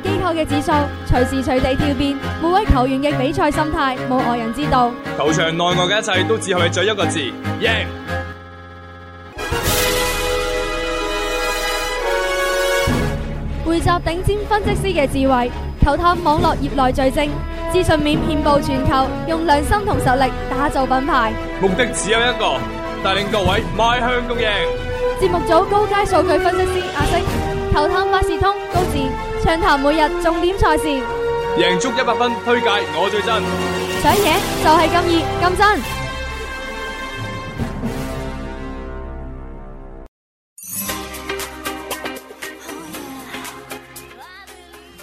機構嘅指數隨時隨地跳變，每位球員嘅比賽心態冇外人知道。球場內外嘅一切都只係為咗一個字：贏。匯集頂尖分析師嘅智慧，球探網絡業內最精，資訊面遍佈全球，用良心同實力打造品牌。目的只有一個，帶領各位邁向共贏。節目組高階數據分析師阿星，球探百事通高智。暢談每日重點賽事，贏足一百分，推介我最真，想贏就係咁易咁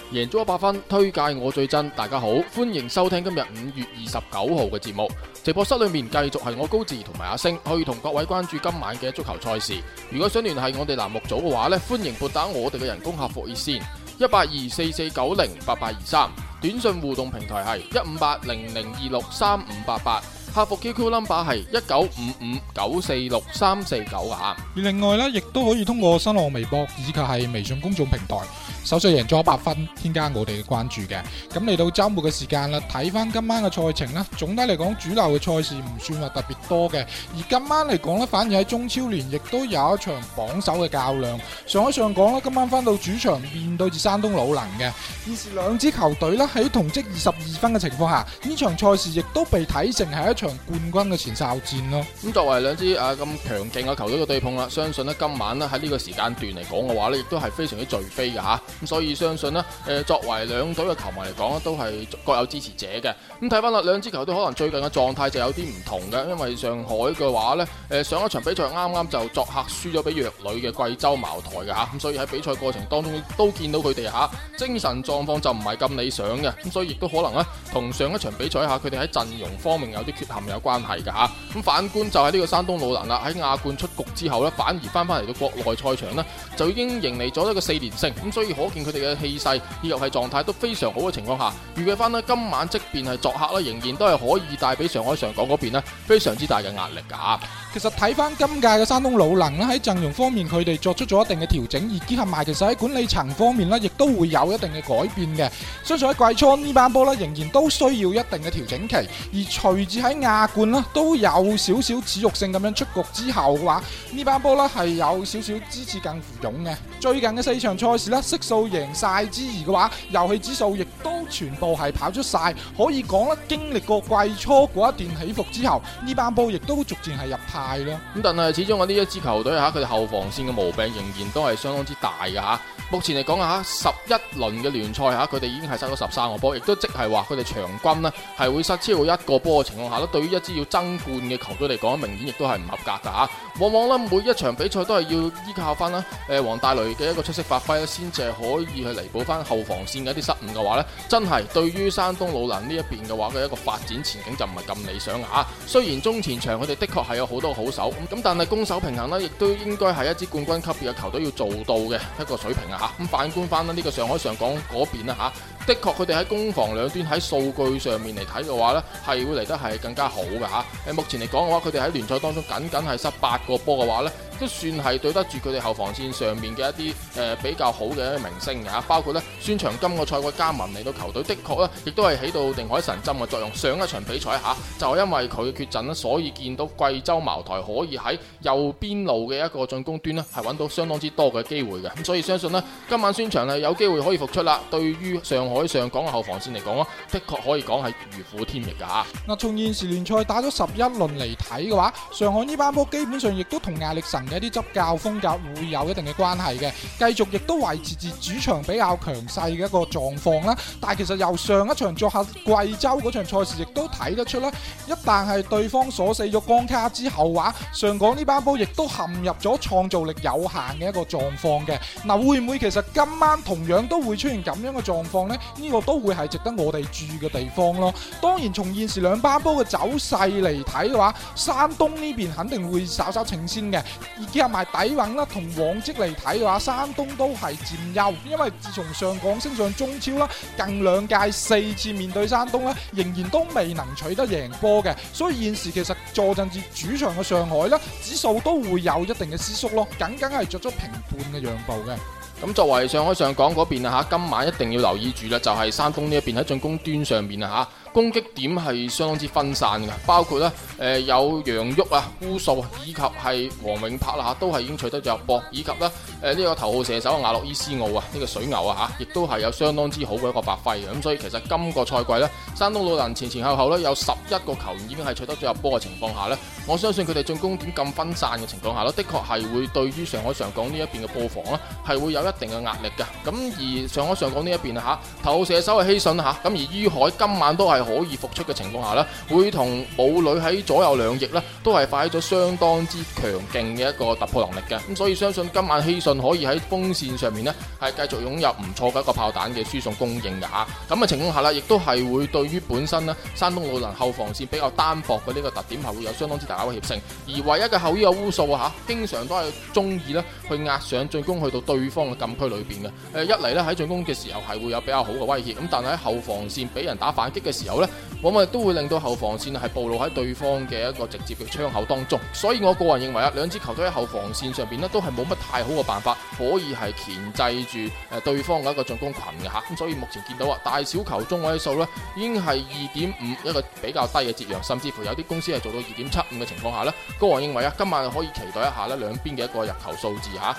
真，贏足一百分，推介我最真。大家好，歡迎收聽今日五月二十九號嘅節目。直播室裏面繼續係我高志同埋阿星去同各位關注今晚嘅足球賽事。如果想聯繫我哋欄目組嘅話呢，歡迎撥打我哋嘅人工客服熱線。一八二四四九零八八二三，23，短信互動平台係一五八零零二六三五八八。客服 QQnumber 係一九五五九四六三四九啊！而另外咧，亦都可以通過新浪微博以及係微信公眾平台，搜索贏足一百分，添加我哋嘅關注嘅。咁嚟到周末嘅時間啦，睇翻今晚嘅賽程啦，總體嚟講主流嘅賽事唔算話特別多嘅，而今晚嚟講咧，反而喺中超聯亦都有一場榜首嘅較量。上海上港咧，今晚翻到主場面對住山東魯能嘅，現時兩支球隊咧喺同積二十二分嘅情況下，呢場賽事亦都被睇成係一。場冠軍嘅前哨戰咯，咁作為兩支誒咁強勁嘅球隊嘅對碰啦，相信咧今晚咧喺呢個時間段嚟講嘅話呢，亦都係非常之聚飛嘅吓，咁、啊、所以相信呢，誒、呃、作為兩隊嘅球迷嚟講咧，都係各有支持者嘅。咁睇翻啦，兩支球隊可能最近嘅狀態就有啲唔同嘅，因為上海嘅話呢，誒、呃、上一場比賽啱啱就作客輸咗俾弱旅嘅貴州茅台嘅吓，咁、啊、所以喺比賽過程當中都見到佢哋吓精神狀況就唔係咁理想嘅，咁、啊、所以亦都可能呢，同上一場比賽下佢哋喺陣容方面有啲缺。有關係㗎吓，咁反觀就係呢個山東魯能啦，喺亞冠出局之後呢，反而翻翻嚟到國內賽場呢，就已經迎嚟咗一個四連勝，咁所以可見佢哋嘅氣勢以及係狀態都非常好嘅情況下，預計翻呢，今晚即便係作客咧，仍然都係可以帶俾上海上港嗰邊呢非常之大嘅壓力㗎。其實睇翻今屆嘅山東魯能呢，喺陣容方面佢哋作出咗一定嘅調整，而結合埋其實喺管理層方面呢，亦都會有一定嘅改變嘅。相信喺季初呢班波呢，仍然都需要一定嘅調整期，而隨住喺亞冠啦、啊，都有少少恥辱性咁樣出局之後嘅話，這班呢班波啦係有少少支持近乎勇嘅。最近嘅四場賽事呢，悉數贏晒之餘嘅話，遊戲指數亦都全部係跑出晒，可以講啦，經歷過季初嗰一段起伏之後，呢班波亦都逐漸係入派咯。咁但係始終我呢一支球隊吓，佢、啊、哋後防線嘅毛病仍然都係相當之大嘅吓、啊。目前嚟講吓，十、啊、一輪嘅聯賽吓，佢、啊、哋已經係失咗十三個波，亦都即係話佢哋場均啦係會失超過一個波嘅情況下對於一支要爭冠嘅球隊嚟講，明顯亦都係唔合格噶吓。往往咧每一場比賽都係要依靠翻啦，誒王大雷嘅一個出色發揮咧，先至可以去彌補翻後防線嘅一啲失誤嘅話咧，真係對於山東魯能呢一邊嘅話嘅一個發展前景就唔係咁理想嚇。雖然中前場佢哋的確係有好多好手咁，但係攻守平衡呢，亦都應該係一支冠軍級別嘅球隊要做到嘅一個水平啊嚇。咁反觀翻呢個上海上港嗰邊啦嚇，的確佢哋喺攻防兩端喺數據上面嚟睇嘅話呢係會嚟得係更加好嘅嚇。目前嚟講嘅話，佢哋喺聯賽當中僅僅係失八。個波嘅話咧。都算係對得住佢哋後防線上面嘅一啲誒、呃、比較好嘅明星嘅、啊，包括呢，孫祥今個賽季加盟嚟到球隊，的確咧亦都係起到定海神針嘅作用。上一場比賽嚇就係因為佢缺陣啦，所以見到貴州茅台可以喺右邊路嘅一個進攻端咧係揾到相當之多嘅機會嘅。咁所以相信呢，今晚孫祥咧有機會可以復出啦。對於上海上港嘅後防線嚟講，呢的確可以講係如虎添翼㗎嗱、啊，從現時聯賽打咗十一輪嚟睇嘅話，上海呢班波基本上亦都同壓力成。嘅一啲執教風格會有一定嘅關係嘅，繼續亦都維持住主場比較強勢嘅一個狀況啦。但其實由上一場作客貴州嗰場賽事亦都睇得出啦，一旦係對方鎖死咗光卡之後話、啊，上港呢班波亦都陷入咗創造力有限嘅一個狀況嘅。嗱，會唔會其實今晚同樣都會出現咁樣嘅狀況呢？呢個都會係值得我哋注意嘅地方咯。當然從現時兩班波嘅走勢嚟睇嘅話，山東呢邊肯定會稍稍領先嘅。而結合埋底蘊啦，同往績嚟睇嘅話，山東都係佔優，因為自從上港升上中超啦，近兩屆四次面對山東咧，仍然都未能取得贏波嘅，所以現時其實坐陣至主場嘅上海咧，指數都會有一定嘅輸縮咯，僅僅係着咗平半嘅讓步嘅。咁作為上海上港嗰邊啊，今晚一定要留意住咧，就係山東呢一邊喺進攻端上面，啊攻擊點係相當之分散嘅，包括咧有楊旭啊、烏索以及係王永珀啊，都係已經取得咗入波，以及咧呢個頭號射手亞諾伊斯奧啊，呢、呢個水牛啊亦都係有相當之好嘅一個發揮嘅。咁所以其實今個賽季咧，山東魯能前前後後咧有十一個球員已經係取得咗入波嘅情況下咧，我相信佢哋進攻點咁分散嘅情況下咯，的確係會對於上海上港呢一邊嘅布防係會有一。一定嘅壓力嘅。咁而上海上港呢一邊下嚇，頭射手係希信。下咁而於海今晚都係可以復出嘅情況下呢，會同武磊喺左右兩翼呢都係發起咗相當之強勁嘅一個突破能力嘅，咁，所以相信今晚希信可以喺鋒線上面呢係繼續擁有唔錯嘅一個炮彈嘅輸送供應嘅，下咁嘅情況下呢亦都係會對於本身呢山東魯能後防線比較單薄嘅呢個特點係會有相當之大嘅威脅性，而唯一嘅後腰烏素啊嚇，經常都係中意呢去壓上進攻去到對方禁區裏邊嘅，誒一嚟，咧喺進攻嘅時候係會有比較好嘅威脅，咁但係喺後防線俾人打反擊嘅時候呢，往往都會令到後防線係暴露喺對方嘅一個直接嘅窗口當中，所以我個人認為啊，兩支球隊喺後防線上邊呢，都係冇乜太好嘅辦法可以係鉗制住誒對方嘅一個進攻群嘅，吓，咁所以目前見到啊大小球中位數呢已經係二點五一個比較低嘅節約，甚至乎有啲公司係做到二點七五嘅情況下呢。個人認為啊，今晚可以期待一下咧兩邊嘅一個入球數字吓。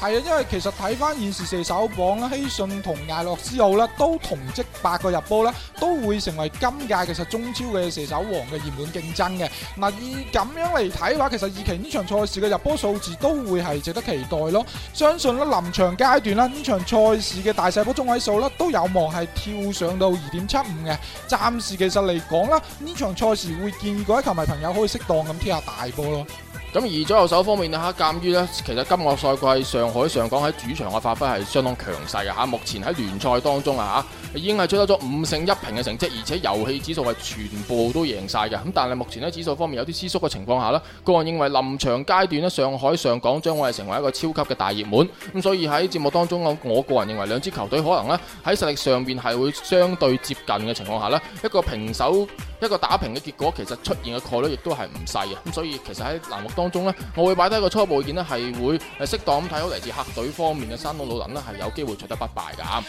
係啊，因為其實睇翻現時射手榜咧，希信同艾洛斯奧咧都同積八個入波咧，都會成為今屆其實中超嘅射手王嘅熱門競爭嘅。嗱，以咁樣嚟睇嘅話，其實二期呢場賽事嘅入波數字都會係值得期待咯。相信啦，臨場階段啦，呢場賽事嘅大細波中位數啦，都有望係跳上到二點七五嘅。暫時其實嚟講啦，呢場賽事會建議各位球迷朋友可以適當咁踢下大波咯。咁而左右手方面呢吓鑒於咧，其實今個賽季上海上港喺主場嘅發揮係相當強勢嘅吓、啊，目前喺聯賽當中啊，吓，已經係取得咗五勝一平嘅成績，而且遊戲指數係全部都贏晒嘅。咁、啊、但係目前咧指數方面有啲思縮嘅情況下咧，個人認為臨場階段咧，上海上港將會係成為一個超級嘅大熱門，咁、啊、所以喺節目當中我個人認為兩支球隊可能咧喺實力上邊係會相對接近嘅情況下咧，一個平手。一個打平嘅結果其實出現嘅概率亦都係唔細嘅，咁所以其實喺欄目當中咧，我會擺低一個初步意見咧，係會誒適當咁睇好嚟自客隊方面嘅山東魯能咧，係有機會取得不敗噶。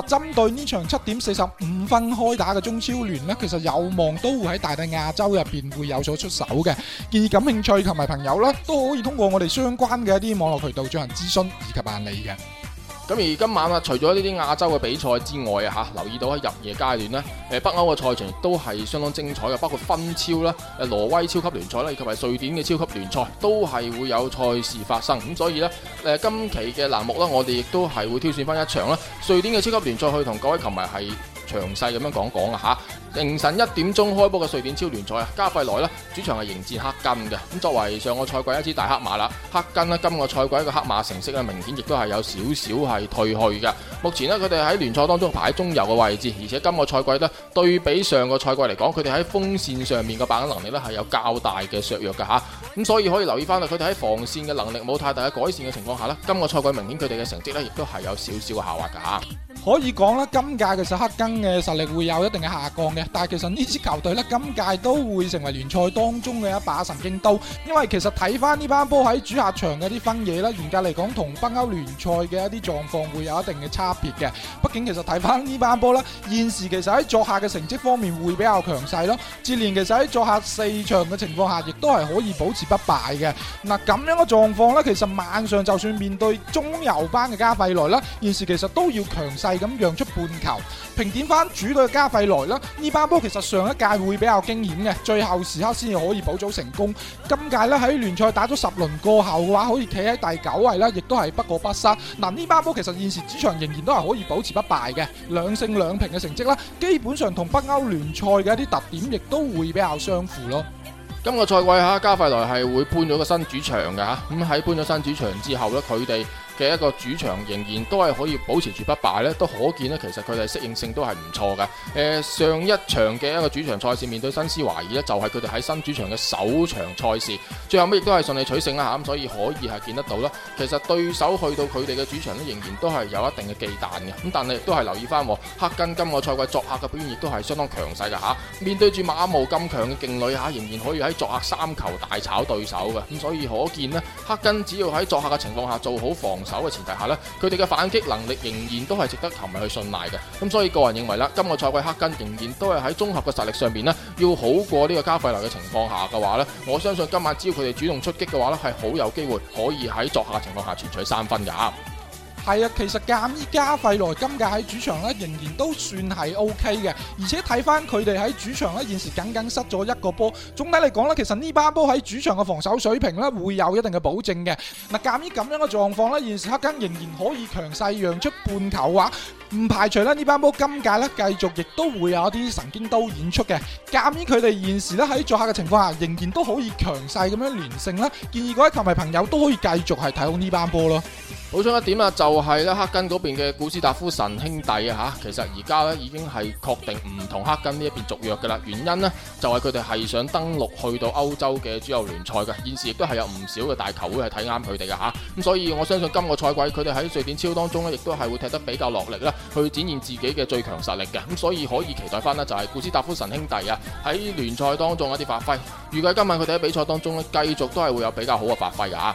嗱，針對呢場七點四十五分開打嘅中超聯咧，其實有望都會喺大大亞洲入邊會有所出手嘅。建議感興趣同埋朋友啦，都可以通過我哋相關嘅一啲網絡渠道進行諮詢以及辦理嘅。咁而今晚啊，除咗呢啲亞洲嘅比賽之外啊，嚇留意到喺入夜階段呢，誒北歐嘅賽場都係相當精彩嘅，包括芬超啦、誒挪威超級聯賽啦，以及係瑞典嘅超級聯賽，都係會有賽事發生。咁所以呢，誒今期嘅欄目呢，我哋亦都係會挑選翻一場啦，瑞典嘅超級聯賽去同各位球迷係。詳細咁樣講講啊嚇！凌晨一點鐘開波嘅瑞典超聯賽啊，加費萊呢，主場係迎戰黑金嘅。咁作為上個賽季一支大黑馬啦，黑金呢，今個賽季嘅黑馬成績咧明顯亦都係有少少係退去嘅。目前呢，佢哋喺聯賽當中排喺中游嘅位置，而且今個賽季呢，對比上個賽季嚟講，佢哋喺鋒線上面嘅把握能力呢，係有較大嘅削弱嘅吓，咁所以可以留意翻啦，佢哋喺防線嘅能力冇太大改善嘅情況下呢，今個賽季明顯佢哋嘅成績呢，亦都係有少少嘅下滑嘅嚇。可以講啦，今屆其實黑根嘅實力會有一定嘅下降嘅，但係其實呢支球隊呢，今屆都會成為聯賽當中嘅一把神經刀，因為其實睇翻呢班波喺主客場嘅啲分野呢，嚴格嚟講同北歐聯賽嘅一啲狀況會有一定嘅差別嘅。畢竟其實睇翻呢班波呢，現時其實喺作客嘅成績方面會比較強勢咯，至連其實喺作客四場嘅情況下，亦都係可以保持不敗嘅。嗱，咁樣嘅狀況呢，其實晚上就算面對中游班嘅加費萊啦，現時其實都要強勢。咁讓出半球，評點翻主隊嘅加費萊啦。呢班波其實上一屆會比較驚險嘅，最後時刻先至可以保組成功。今屆咧，喺聯賽打咗十輪過後嘅話，可以企喺第九位啦，亦都係不過不失。嗱，呢班波其實現時主場仍然都係可以保持不敗嘅，兩勝兩平嘅成績啦，基本上同北歐聯賽嘅一啲特點亦都會比較相符咯。今個賽季吓，加費萊係會搬咗個新主場嘅吓。咁喺搬咗新主場之後呢佢哋。嘅一個主場仍然都係可以保持住不敗咧，都可見呢，其實佢哋適應性都係唔錯嘅。誒上一場嘅一個主場賽事面對新思華疑新斯華爾呢，呢就係佢哋喺新主場嘅首場賽事，最後尾亦都係順利取勝啦吓，咁所以可以係見得到啦。其實對手去到佢哋嘅主場呢，仍然都係有一定嘅忌憚嘅。咁但係都係留意翻，黑根今個賽季作客嘅表現亦都係相當強勢嘅嚇。面對住馬毛咁強嘅勁旅吓，仍然可以喺作客三球大炒對手嘅，咁、啊、所以可見呢，黑根只要喺作客嘅情況下做好防。手嘅前提下咧，佢哋嘅反擊能力仍然都係值得球迷去信賴嘅。咁所以個人認為啦，今個賽季黑根仍然都係喺綜合嘅實力上面咧，要好過呢個加費流嘅情況下嘅話咧，我相信今晚只要佢哋主動出擊嘅話咧，係好有機會可以喺作客情況下全取三分㗎。係啊，其實鑑於加費萊今屆嘅喺主場咧，仍然都算係 O K 嘅。而且睇翻佢哋喺主場咧，現時僅僅失咗一個波。總體嚟講咧，其實呢班波喺主場嘅防守水平咧，會有一定嘅保證嘅。嗱、呃，鑑於咁樣嘅狀況呢，現時黑根仍然可以強勢讓出半球嘅，唔排除呢班波今屆咧繼續亦都會有一啲神經刀演出嘅。鑑於佢哋現時咧喺作客嘅情況下，仍然都可以強勢咁樣連勝啦，建議各位球迷朋友都可以繼續係睇好呢班波咯。好彩一點啦，就係咧，黑根嗰邊嘅古斯塔夫神兄弟啊，吓，其實而家咧已經係確定唔同黑根呢一邊續約嘅啦。原因呢，就係佢哋係想登陸去到歐洲嘅主流聯賽嘅。現時亦都係有唔少嘅大球會係睇啱佢哋嘅吓。咁所以我相信今個賽季佢哋喺瑞典超當中呢，亦都係會踢得比較落力啦，去展現自己嘅最強實力嘅。咁所以可以期待翻呢，就係古斯塔夫神兄弟啊，喺聯賽當中一啲發揮。預計今晚佢哋喺比賽當中呢，繼續都係會有比較好嘅發揮啊！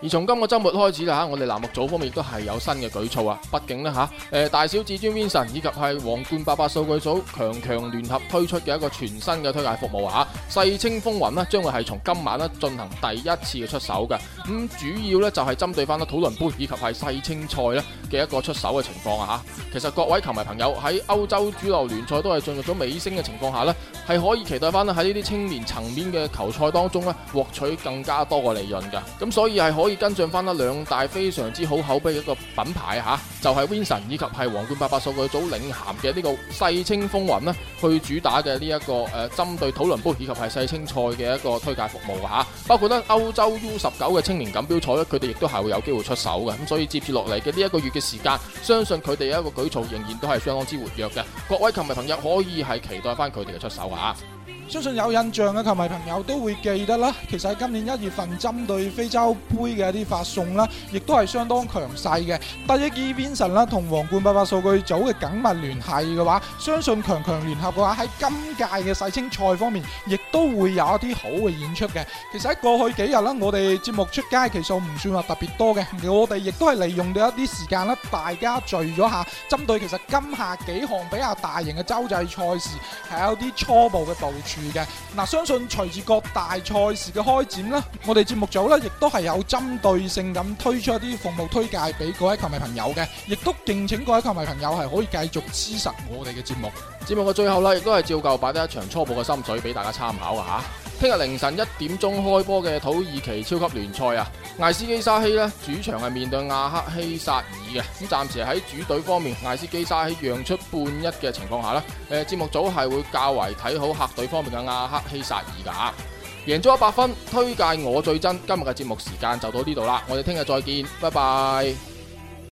而從今個周末開始啦，吓，我哋欄目組方面亦都係有新嘅舉措啊！畢竟呢，吓，誒大小至尊 Win 神以及係皇冠八八數據組強強聯合推出嘅一個全新嘅推介服務啊！吓，世青風雲呢將會係從今晚呢進行第一次嘅出手嘅。咁主要呢就係針對翻啦土倫杯以及係世青賽呢嘅一個出手嘅情況啊！吓，其實各位球迷朋友喺歐洲主流聯賽都係進入咗尾聲嘅情況下呢，係可以期待翻喺呢啲青年層面嘅球賽當中呢，獲取更加多嘅利潤噶。咁所以係可。可以跟進翻啦，兩大非常之好口碑嘅一個品牌嚇，就係、是、Winson 以及係皇冠八八數據組領銜嘅呢個世青風雲啦，佢主打嘅呢一個誒，針對土倫波以及係世青賽嘅一個推介服務嚇，包括咧歐洲 U 十九嘅青年錦標賽咧，佢哋亦都係會有機會出手嘅，咁所以接住落嚟嘅呢一個月嘅時間，相信佢哋一個舉措仍然都係相當之活躍嘅，各位球迷朋友可以係期待翻佢哋嘅出手啊！相信有印象嘅球迷朋友都會記得啦。其實喺今年一月份針對非洲杯嘅一啲發送啦，亦都係相當強勢嘅。得益於邊神啦同皇冠八八數據組嘅緊密聯繫嘅話，相信強強聯合嘅話，喺今屆嘅世青賽方面，亦都會有一啲好嘅演出嘅。其實喺過去幾日啦，我哋節目出街其實唔算話特別多嘅。我哋亦都係利用到一啲時間啦，大家聚咗下，針對其實今夏幾項比較大型嘅洲際賽事係有啲初步嘅部署。嘅嗱，相信隨住各大賽事嘅開展呢，我哋節目組呢亦都係有針對性咁推出一啲服務推介俾各位球迷朋友嘅，亦都敬請各位球迷朋友係可以繼續支持我哋嘅節目。節目嘅最後呢，亦都係照舊擺得一場初步嘅心水俾大家參考啊。吓。聽日凌晨一點鐘開波嘅土耳其超級聯賽啊，艾斯基沙希呢，主場係面對亞克希薩爾嘅，咁暫時喺主隊方面，艾斯基沙希讓出半一嘅情況下，呢節目組係會較為睇好客隊方面嘅亞克希薩爾噶。贏足 100FUN，推介我最真，今日嘅節目時間就到呢度啦，我哋聽日再見，拜拜。